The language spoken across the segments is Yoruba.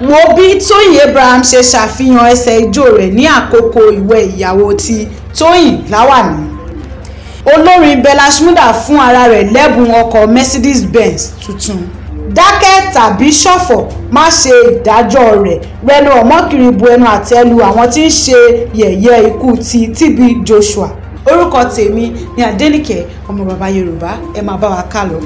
wo bí tóyìn abraham ṣe ṣàfihàn ẹsẹ̀ ijó rẹ̀ ní àkókò ìwẹ̀ ìyàwó ti tóyìn láwàní olórin bella shmurda fún ara rẹ̀ lẹ́bùn ọkọ̀ mercedes benz tuntun dákẹ́ tàbí ṣọ̀fọ̀ má ṣe ìdájọ́ rẹ̀ rẹnu ọ̀mọ́kiri bu ẹnu àtẹ́ lu àwọn tí ń ṣe yẹ̀yẹ́ ikú ti TB Joshua orúkọ tèmi ni Adéníkẹ́ ọmọ bàbá Yorùbá ẹ máa bá wa kálọ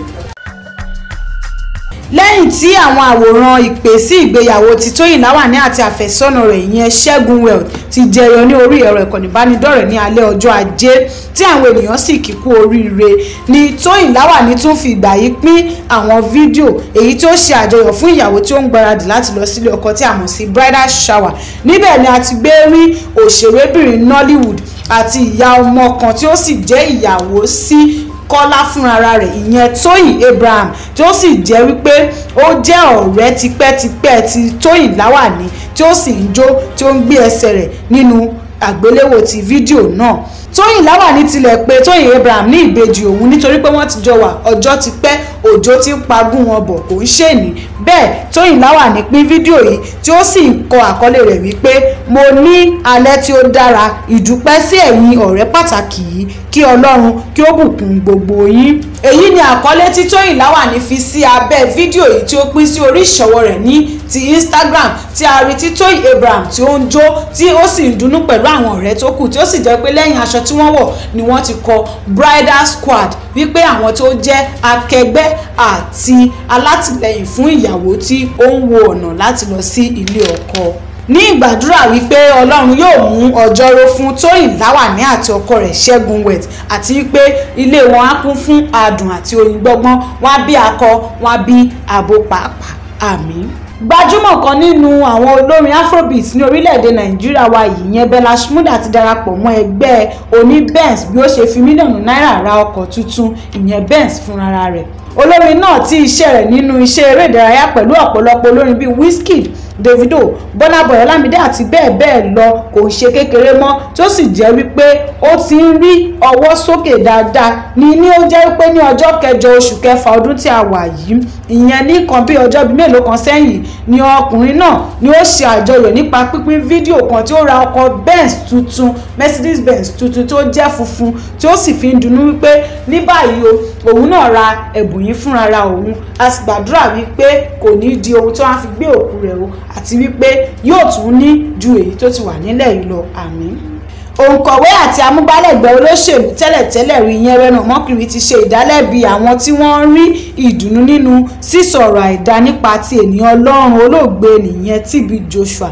lẹ́yìn tí àwọn àwòrán ìpè sí ìgbéyàwó ti Tóyìn Láwàní àti àfẹ́sọ́nà rẹ̀ ìyẹn Ṣẹ́gun well ti jẹyọ ní orí ẹ̀rọ ìkànnì ìbánidọ́rẹ̀ẹ́ ní alẹ́ ọjọ́ ajé tí àwọn ènìyàn sì kí oríire ni Tóyìn Láwàní tún fi ìgbà yìí pín àwọn fídíò èyí tó ṣe àjọyọ̀ fún ìyàwó tí ó ń gbaradì láti lọ sílé ọkọ tí a mọ̀ sí bridal shower níbẹ̀ ni a ti gbé rí òṣèrébìnrin Nollywood àti ìyá ọmọ kan tí ó sì jẹ́ ìyàwó sí kọ́lá fúnra rẹ̀ ìyẹn tóyìn abraham tí ó sì jẹ́ wípé ó jẹ́ ọ̀rẹ́ tipẹ́tipẹ́ ti tóyìn láwàní tí ó sì ń jó tí ó ń gbé ẹsẹ̀ rẹ̀ nínú àgbéléwò ti fídíò náà tóyìn láwàní tilẹ̀ pè tóyìn abraham ní ìbejì òun nítorí pé wọ́n ti jọ wà ọjọ́ ti pẹ́ òjò tí ń pagún wọn bọ̀ kò ń ṣèní bẹ́ẹ̀ tóyìn láwà ní pín fídíò yìí tí ó sì ń kọ àkọlé rẹ̀ wípé mo ní alẹ́ tí ó dára ìdúpẹ́ sí ẹ̀yin ọ̀rẹ́ pàtàkì yìí kí ọlọ́run kí ó bùkún gbogbo yín èyí ni àkọlé tí Tóyìn Láwàní fi sí abẹ́ fídíò yìí tí ó pín sí orí ìṣọwọ́ rẹ̀ ní ti Instagram tí a rí Abraham tí ó ń jó tí ó sì ń dunnú pẹ̀lú àwọn ọ̀rẹ́ tó kù tí ó sì jẹ́ pé lẹ́yìn aṣọ tí wọ́n wọ̀ ni wọ́n ti kọ bridal squad wípé àwọn tó jẹ́ akẹgbẹ́ àti alátìlẹyìn fún ìyàwó tí ó ń wo ọ̀nà láti lọ sí ilé ọkọ ní ìgbàdúrà wípé ọlọ́run yóò mú ọjọ́rò fún tóyìn láwàní àti ọkọ rẹ̀ ṣẹ́gun wet àti wípé ilé wọn á kún fún adùn àti oyin gbọ́gbọ́n wá bí akọ wá bí abo pàápàá àmín gbajúmọ̀ kan nínú àwọn olórin afrobeat ní orílẹ̀-èdè nàìjíríà wa yìí yẹn bella shmurda ti darapọ̀ mọ́ ẹgbẹ́ oní benz bí ó ṣe fi mílíọ̀nù náírà ra ọkọ̀ tuntun ìyẹn benz fúnra rẹ̀ olórin náà tí iṣẹ́ rẹ̀ nínú iṣẹ́ eré ìdárayá pẹ̀lú ọ̀pọ̀lọpọ̀ olórin bíi wizkid Davido Burna Boy Olamide àti bẹ́ẹ̀ bẹ́ẹ̀ lọ kò ń ṣe kékeré mọ́ tó sì jẹ́ wípé ó ti ń rí ọwọ́ sókè dáadáa ní ní ó jẹ́ wípé ní ọjọ́ kẹjọ oṣù kẹfà ọdún tí a wà yìí ìyẹn ní kan bí ọjọ́ bíi mélòó kan sẹ́yìn ni ọkùnrin náà ni ó ṣe àjọyọ̀ nípa pínpín fídíò kan tí ó ra ọkọ̀ Benz tuntun Mercedes Benz tuntun tó jẹ́ funfun tí ó sì fi ń dunnú wípé ní báyìí o òun náà ra ẹ̀bùn yìí fúnra ra òun a sì gbàdúrà wípé kò ní di ohun tí wọ́n á fi gbé òkú rẹ̀ o àti wípé yóò tún ní ju èyí tó ti wà nílẹ̀ yìí lọ àmín òǹkọ̀wé àti amúgbálẹ́gbẹ̀ẹ́ olóṣèlú tẹ́lẹ̀tẹ́lẹ̀ rí yẹn rẹ́nu mọ́kìrì ti ṣe ìdálẹ́bi àwọn tí wọ́n rí ìdùnnú nínú sísọ̀rọ̀ àìdá nípa ti ènìyàn ọlọ́run olóògbé nìyẹn TB Joshua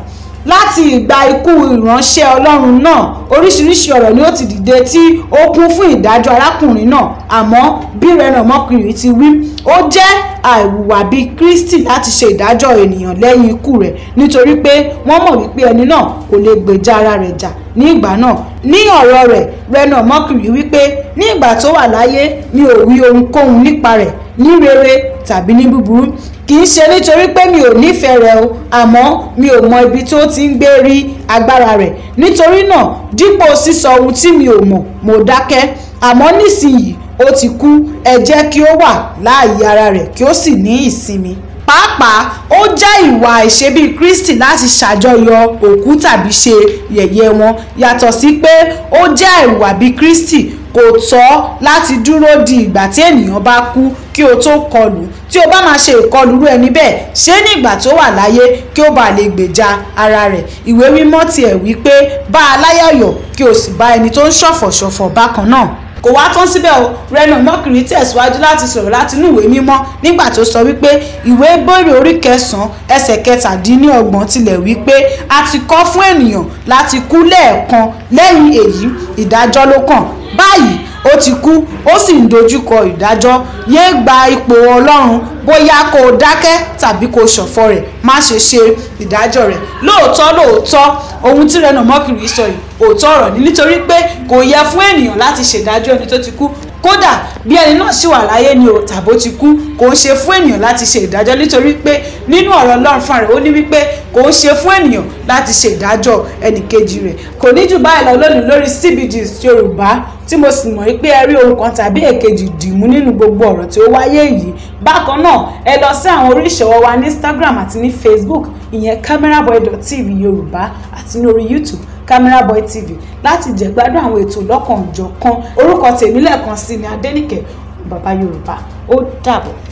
láti ìgbà ikú ìránṣẹ́ ọlọ́run náà oríṣiríṣi ọ̀rọ̀ ni ó ti dìde tí ó kún fún ìdájọ́ arákùnrin náà àmọ́ bí rẹ̀nàmọ́kiri ti wí ó jẹ́ àìwùwà bíi Kristi láti ṣe ìdájọ́ ènìyàn lẹ́yìn ikú rẹ̀ nítorí pé wọ́n mọ̀ wípé ẹni náà kò lè gbèjà ara rẹ̀ jà ní ìgbà náà ní ọ̀rọ̀ rẹ̀ Reno Mercury wípé ní ìgbà tó wà láyé mi ò wí ohunkóhun nípa rẹ̀ ní rere tàbí ní búburú kì í ṣe nítorí pé mi ò nífẹ̀ẹ́ rẹ̀ o àmọ́ mi ò mọ ibi tó ti ń gbé rí agbára rẹ̀ nítorí náà dípò sísọ ohun tí mi ò mọ̀ mo dákẹ́ àmọ́ nísìnyìí ó ti kú ẹ jẹ́ kí ó wà láàyè ara rẹ̀ kí ó sì ní ìsinmi pàápàá ó jẹ́ ìwà àìṣe Kristi láti ṣàjọyọ̀ òkú tàbí ṣe yẹ̀yẹ́ wọn yàtọ̀ sí pé ó jẹ́ ìwà bíi Kristi kò tọ́ láti dúró di ìgbà tí ènìyàn bá kú kí o tó kọlù tí o bá máa ṣe ìkọlù rú ẹni bẹ́ẹ̀ ṣé ní ìgbà tó wà láyé kí o bá lè gbèjà ara rẹ̀ ìwé mímọ́ tiẹ̀ wí pé bá aláyọ̀yọ̀ kí o sì bá ẹni tó ń ṣọ̀fọ̀ṣọ̀fọ̀ bákan náà kò wá tán síbẹ̀ o Reno Mercury tẹ̀síwájú láti sọ̀rọ̀ láti inú ìwé mímọ́ nígbà tó sọ wípé ìwé Hébérù orí kẹsàn-án ẹsẹ̀ kẹtàdínlọ́gbọ̀n tilẹ̀ wípé a ti kọ́ fún ènìyàn láti kú lẹ́ẹ̀kan lẹ́yìn èyí ìdájọ́ ló kàn báyìí ó ti kú ó sì ń dojúkọ ìdájọ́ yéé gba ipò ọlọ́run bóyá kó o dákẹ́ tàbí kó o ṣọ̀fọ̀ rẹ̀ má ṣe ṣe ìdájọ́ rẹ̀ lóòótọ́ lóòótọ́ ohun tí rẹ̀nà mọ́kìrì sọ yìí òótọ́ ọ̀rọ̀ ni nítorí pé kò yẹ fún ènìyàn láti ṣèdájọ́ ẹni tó ti kú kódà bí ẹni náà ṣì wà láyé ni o tàbó ti kú kò ń ṣe fún ènìyàn láti ṣe ìdájọ́ nítorí pé nínú ọ̀rọ̀ Ọlọ́run fún rẹ̀ ó ní wípé kò ń ṣe fún ènìyàn láti ṣe ìdájọ́ ẹnìkejì rẹ̀ kò ní jù báyìí lọ lónìí lórí CBG Yorùbá tí mo sì mọ̀ pé ẹ rí ohun kan tàbí èkejì dìmú nínú gbogbo ọ̀rọ̀ tí ó wáyé yìí bákan náà ẹ lọ sí àwọn orí ìṣòwò wa ní Instagram àti ní Facebook ìyẹn cameraboy.tv Yorùbá àti ní orí YouTube cameraboy tv láti jẹ̀gbádùn àwọn ètò lọ́kan-ò-jọ̀kan orúkọ tèmi lẹ́ẹ̀kan sí ni Adéníkẹ́ bàbá Yorùbá ó dàbọ̀.